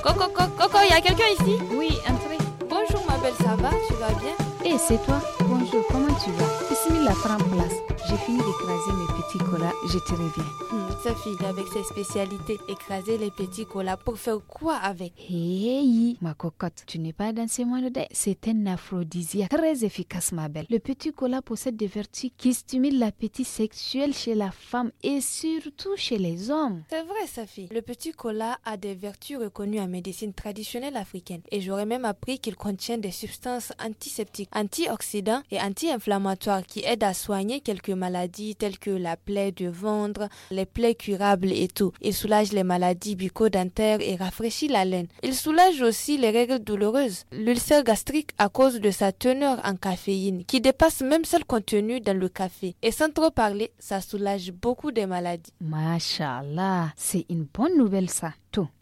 Coco, Coco, Coco, il y a quelqu'un ici Oui, un truc. Bonjour ma belle, ça va Tu vas bien et eh, c'est toi Bonjour, comment tu vas Bismillah, prends place. J'ai fini d'écraser mes petits colas, je te reviens. Hmm, sa fille, avec ses spécialités, écraser les petits colas pour faire quoi avec Hé, hey, ma cocotte, tu n'es pas dans ces C'est un aphrodisiaque très efficace, ma belle. Le petit cola possède des vertus qui stimulent l'appétit sexuel chez la femme et surtout chez les hommes. C'est vrai, sa fille. Le petit cola a des vertus reconnues en médecine traditionnelle africaine. Et j'aurais même appris qu'il contient des substances antiseptiques Antioxydant et anti inflammatoire qui aide à soigner quelques maladies telles que la plaie de ventre, les plaies curables et tout. Il soulage les maladies bucco-dentaires et rafraîchit la laine. Il soulage aussi les règles douloureuses, l'ulcère gastrique à cause de sa teneur en caféine qui dépasse même celle contenue dans le café. Et sans trop parler, ça soulage beaucoup de maladies. Mashallah, c'est une bonne nouvelle ça.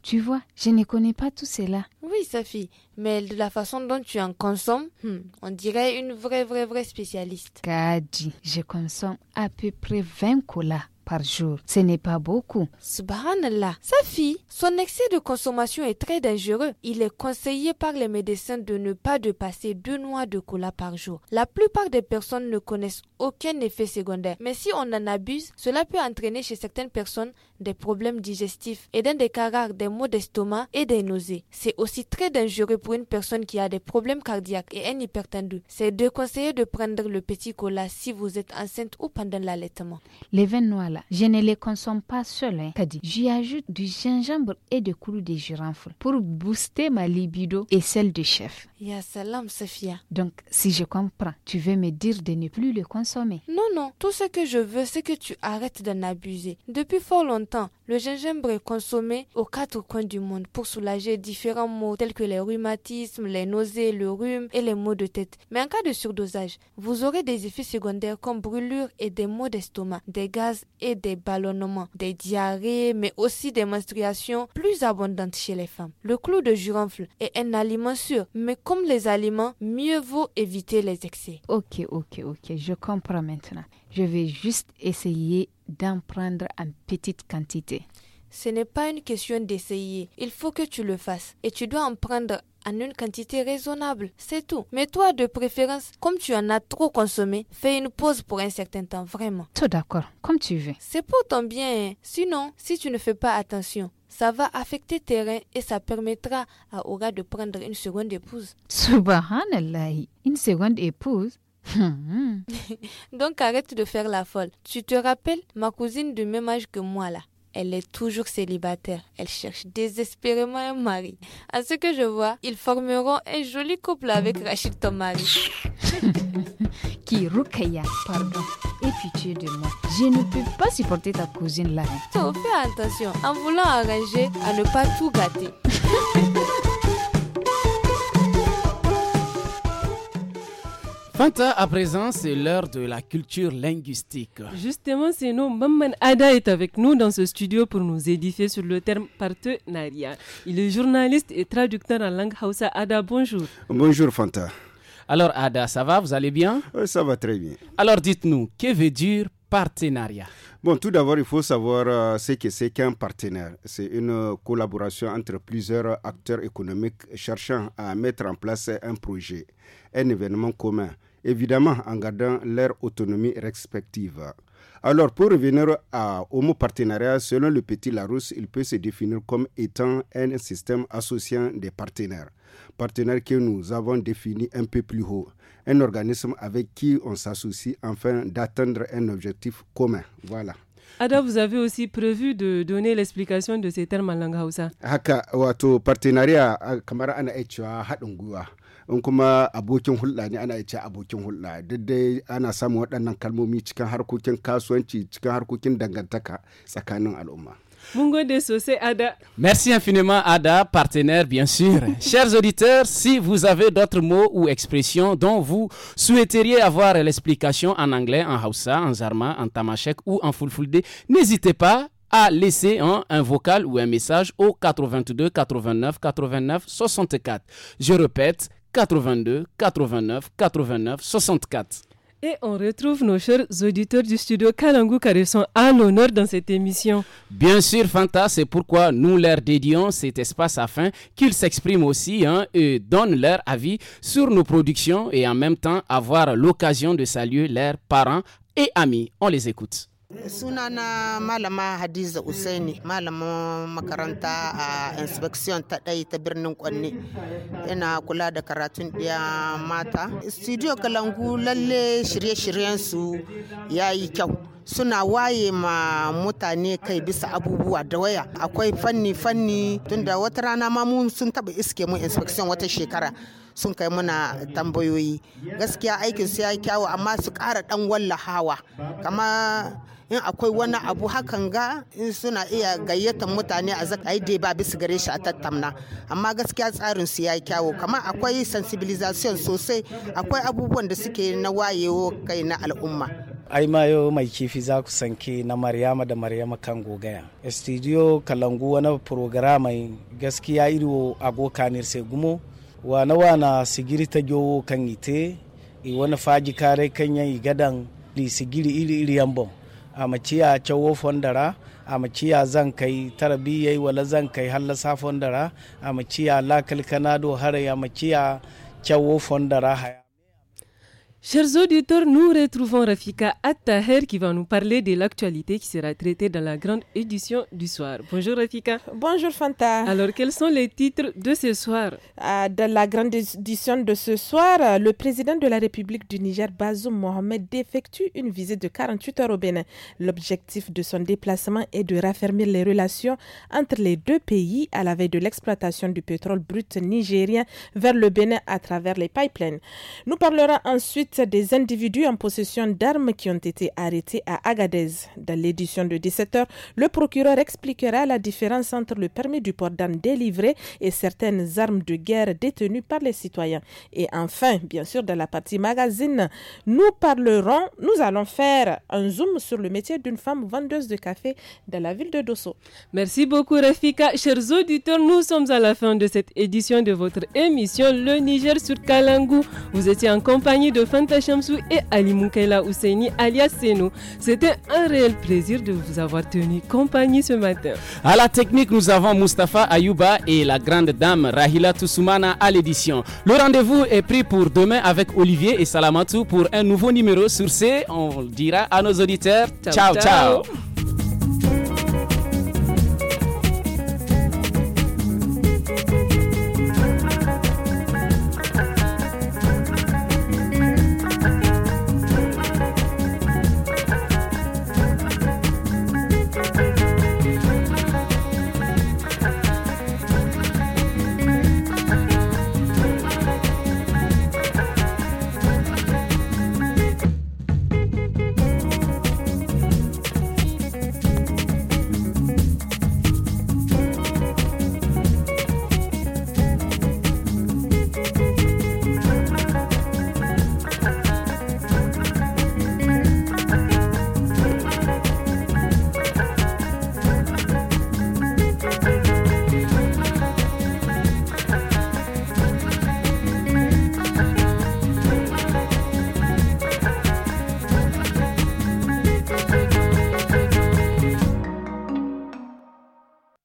Tu vois, je ne connais pas tout cela. Oui, Safi, mais de la façon dont tu en consommes, hmm. on dirait une vraie, vraie, vraie spécialiste. Kadi, je consomme à peu près 20 colas par jour. Ce n'est pas beaucoup. Subhanallah. Sa son excès de consommation est très dangereux. Il est conseillé par les médecins de ne pas dépasser deux noix de cola par jour. La plupart des personnes ne connaissent aucun effet secondaire. Mais si on en abuse, cela peut entraîner chez certaines personnes des problèmes digestifs et dans des cas rares des maux d'estomac et des nausées. C'est aussi très dangereux pour une personne qui a des problèmes cardiaques et un hypertendu. C'est de conseiller de prendre le petit cola si vous êtes enceinte ou pendant l'allaitement. Les vins noirs là, je ne les consomme pas seul, hein, J'y ajoute du gingembre et du coulou de girofle pour booster ma libido et celle du chef. Ya salam, Sophia. Donc, si je comprends, tu veux me dire de ne plus le consommer Non, non. Tout ce que je veux, c'est que tu arrêtes d'en abuser. Depuis fort longtemps, le gingembre est consommé aux quatre coins du monde pour soulager différents maux tels que les rhumatismes, les nausées, le rhume et les maux de tête. Mais en cas de surdosage, vous aurez des effets secondaires comme brûlures et des maux d'estomac, des gaz et des ballonnements, des diarrhées, mais aussi des menstruations plus abondantes chez les femmes. Le clou de girofle est un aliment sûr, mais comme les aliments, mieux vaut éviter les excès. Ok, ok, ok, je comprends maintenant je vais juste essayer d'en prendre en petite quantité. Ce n'est pas une question d'essayer. Il faut que tu le fasses. Et tu dois en prendre en une quantité raisonnable. C'est tout. Mais toi, de préférence, comme tu en as trop consommé, fais une pause pour un certain temps, vraiment. Tout d'accord, comme tu veux. C'est pour ton bien. Hein. Sinon, si tu ne fais pas attention, ça va affecter tes reins et ça permettra à Aura de prendre une seconde épouse. Subhanallah, une seconde épouse Hmm. Donc arrête de faire la folle. Tu te rappelles, ma cousine du même âge que moi là, elle est toujours célibataire. Elle cherche désespérément un mari. À ce que je vois, ils formeront un joli couple avec Rachid, ton mari. Qui pardon. Et pitié de moi. Je ne peux pas supporter ta cousine là. fais attention. En voulant arranger, à ne pas tout gâter. Fanta, à présent, c'est l'heure de la culture linguistique. Justement, c'est nous. Maman Ada est avec nous dans ce studio pour nous édifier sur le terme partenariat. Il est journaliste et traducteur en langue Hausa. Ada, bonjour. Bonjour, Fanta. Alors, Ada, ça va Vous allez bien oui, Ça va très bien. Alors, dites-nous, que veut dire partenariat Bon, tout d'abord, il faut savoir euh, ce que c'est qu'un partenaire. C'est une collaboration entre plusieurs acteurs économiques cherchant à mettre en place un projet un événement commun, évidemment en gardant leur autonomie respective. Alors, pour revenir à, au mot partenariat, selon le petit Larousse, il peut se définir comme étant un système associant des partenaires. Partenaires que nous avons définis un peu plus haut. Un organisme avec qui on s'associe afin d'atteindre un objectif commun. Voilà. Ada, vous avez aussi prévu de donner l'explication de ces termes en langue Hausa. Haka, wato partenariat ana Merci infiniment, Ada, partenaire, bien sûr. Chers auditeurs, si vous avez d'autres mots ou expressions dont vous souhaiteriez avoir l'explication en anglais, en Hausa, en Zarma, en Tamashek ou en Fulfulde, n'hésitez pas à laisser un, vocal ou un message au 82 89 89 64. Je répète, 82 89 89 64. Et on retrouve nos chers auditeurs du studio Kalangu ils sont à l'honneur dans cette émission. Bien sûr, Fanta, c'est pourquoi nous leur dédions cet espace afin qu'ils s'expriment aussi hein, et donnent leur avis sur nos productions et en même temps avoir l'occasion de saluer leurs parents et amis. On les écoute. sunana malama hadiza usaini malamin makaranta a inspection ta ɗai ta birnin kwanne yana kula da karatun ɗiya mata studio kalangu lalle shirye-shiryensu ya yi kyau suna waye ma mutane kai bisa abubuwa da waya akwai fanni-fanni tunda wata rana ma mun sun taba iske mu inspection wata shekara sun kai mana tambayoyi gaskiya aikin su ya yi kyawu amma su ƙara ɗan hawa kama in akwai wani abu hakan ga in suna iya gayyatar mutane a zaka yi ba bisa gare shi a tattamna amma gaskiya tsarin su ya yi kyawu kama akwai sensibilization sosai akwai abubuwan da suke na wayewo kai na al'umma ai yau mai kifi za ku sanke na maryama da maryama kan gogaya studio kalangu wani programai gaskiya iriwo agokanir sai gumo wana wana sigiri ta jowo kan ite i wani faji kare kan yan gadan li sigiri iri iri yambon amaciya cawo fondara amaciya zan kai yi wala zan kai hallasa fondara amaciya lakal kanado hare amaciya cawo fondara haya Chers auditeurs, nous retrouvons Rafika Attaher qui va nous parler de l'actualité qui sera traitée dans la grande édition du soir. Bonjour Rafika. Bonjour Fanta. Alors, quels sont les titres de ce soir ah, Dans la grande édition de ce soir, euh, le président de la République du Niger, Bazoum Mohamed, effectue une visite de 48 heures au Bénin. L'objectif de son déplacement est de raffermir les relations entre les deux pays à la veille de l'exploitation du pétrole brut nigérien vers le Bénin à travers les pipelines. Nous parlerons ensuite des individus en possession d'armes qui ont été arrêtés à Agadez. Dans l'édition de 17h, le procureur expliquera la différence entre le permis du port d'armes délivré et certaines armes de guerre détenues par les citoyens. Et enfin, bien sûr, dans la partie magazine, nous parlerons, nous allons faire un zoom sur le métier d'une femme vendeuse de café dans la ville de Dosso. Merci beaucoup Rafika. Chers auditeurs, nous sommes à la fin de cette édition de votre émission Le Niger sur Kalangou. Vous étiez en compagnie de Fan et Ali Moukaila alias Senou. C'était un réel plaisir de vous avoir tenu compagnie ce matin. À la technique, nous avons Mustapha Ayouba et la grande dame Rahila Toussoumana à l'édition. Le rendez-vous est pris pour demain avec Olivier et Salamatu pour un nouveau numéro. Sur C. on le dira à nos auditeurs ciao. ciao.